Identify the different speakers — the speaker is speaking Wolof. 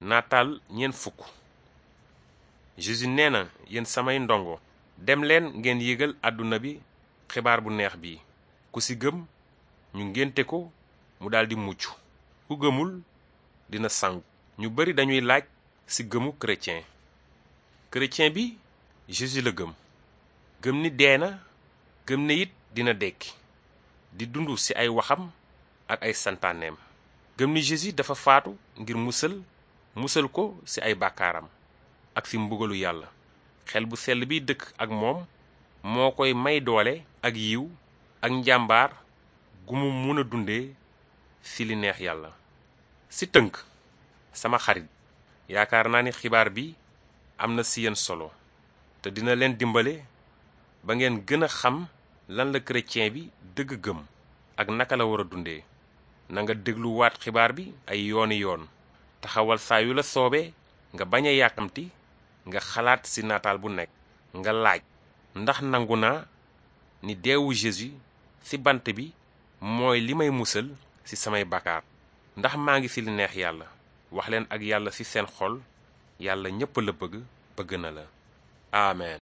Speaker 1: nataal ñeent fukk Jésus nee na yéen samay ndongo dem leen ngeen yégal àdduna bi xibaar bu neex bii ku ci gëm ñu ngénte ko mu daldi mucc ku gëmul dina sangu ñu bari dañuy laaj ci gëmu chrétien chrétien bi Jésus la gëm gëm ni dee na gëm ne it dina dekki di dund ci ay waxam ak ay santaaneem gëm ni Jésus dafa faatu ngir musal musal ko ci ay bàkkaaram ak ci mbugalu yàlla xel bu sell bi dëkk ak moom moo koy may doole ak yiw ak njàmbaar gu mu mun a dundee ci li neex yàlla ci tënk sama xarit yaakaar naa ni xibaar bi am na ci yéen solo te dina leen dimbale ba ngeen gën a xam lan la chrétien bi dëgg gëm ak naka la war a dundee nanga dégluwaat xibaar bi ay yooni yoon taxawal saa yu la soobe nga bañ a yàkkamti nga xalaat ci nataal bu nekk nga laaj ndax nangu na ni deewu Jésus ci bant bi mooy li may musal ci samay bàkkaar ndax maa ngi ci li neex yàlla wax leen ak yàlla ci seen xol yàlla ñépp la bëgg bëgg na la amen